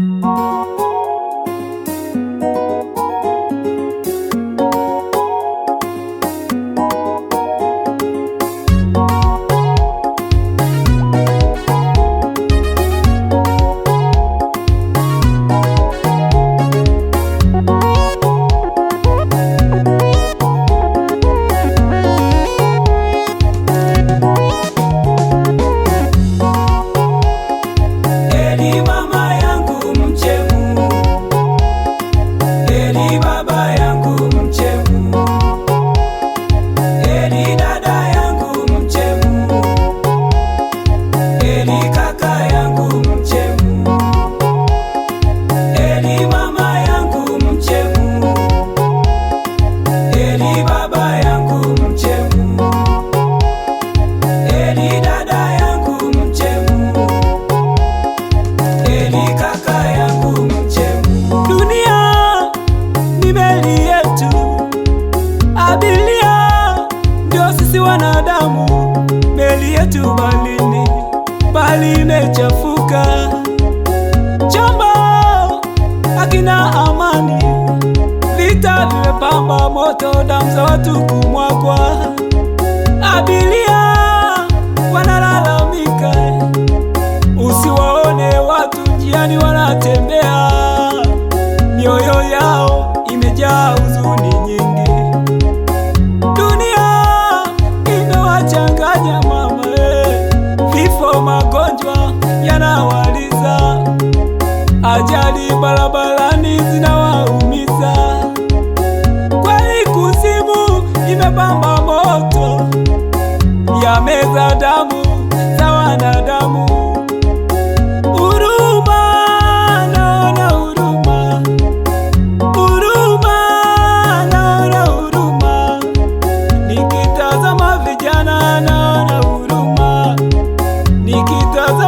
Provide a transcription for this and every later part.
oh. limechafuka, Chamba akina amani, vita vimepamba moto, damu za watu kumwagwa, abiria yanawaliza, ajali barabarani zinawaumiza. Kweli kuzimu imepamba moto, yameza damu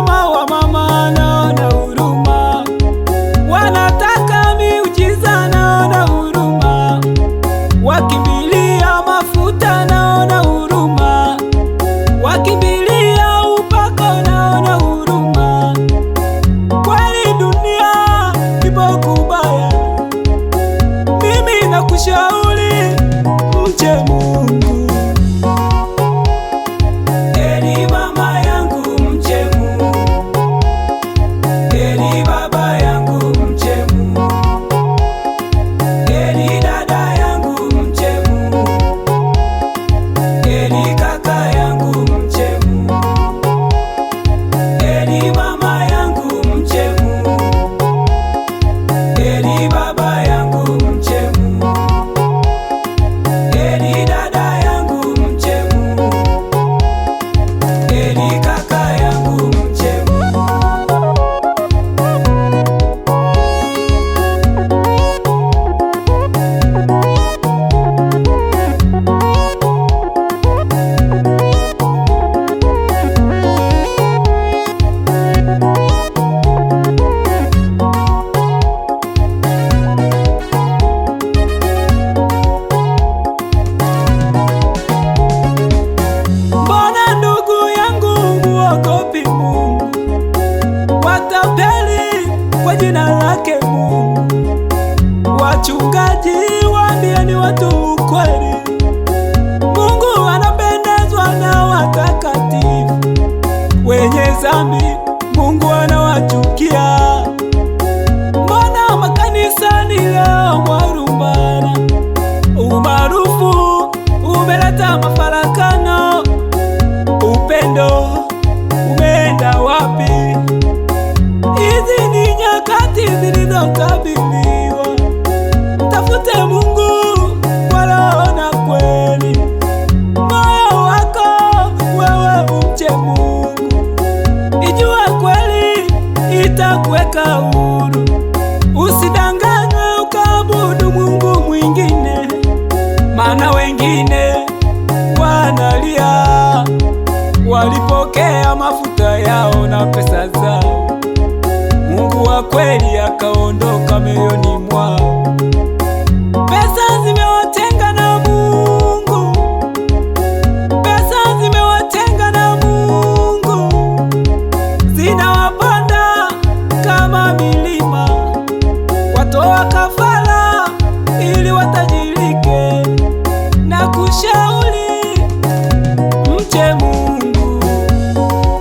mama wa mama naona huruma, wanataka miujiza naona huruma, wakimbilia mafuta naona huruma, wakimbilia upako naona huruma. Kweli dunia ipo kubaya, mimi nakushauri mche Mungu. ti ya Mungu. Ijua kweli itakuweka huru. Usidanganywe ukaabudu Mungu mwingine, maana wengine wanalia walipokea mafuta yao na pesa zao, Mungu wa kweli akaondoka mioyoni mwao. wa kafara ili watajirike na kushauri mche Mungu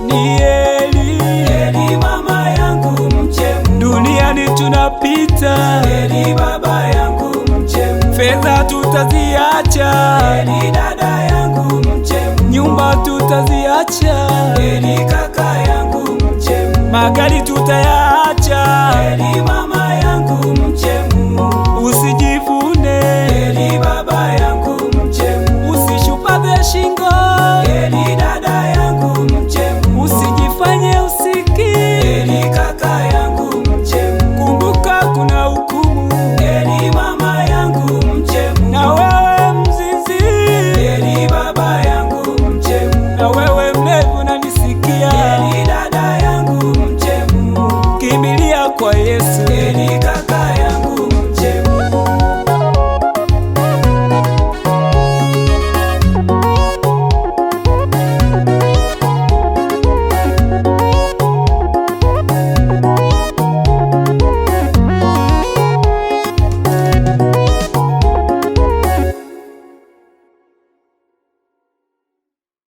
ni heri. Heri mama yangu mche Mungu. Duniani tunapita. Heri baba yangu mche Mungu. Fedha tutaziacha. Heri dada yangu mche Mungu. Nyumba tutaziacha. Heri kaka yangu mche Mungu. Magari tutayaacha. Heri mama usiji 手に抱え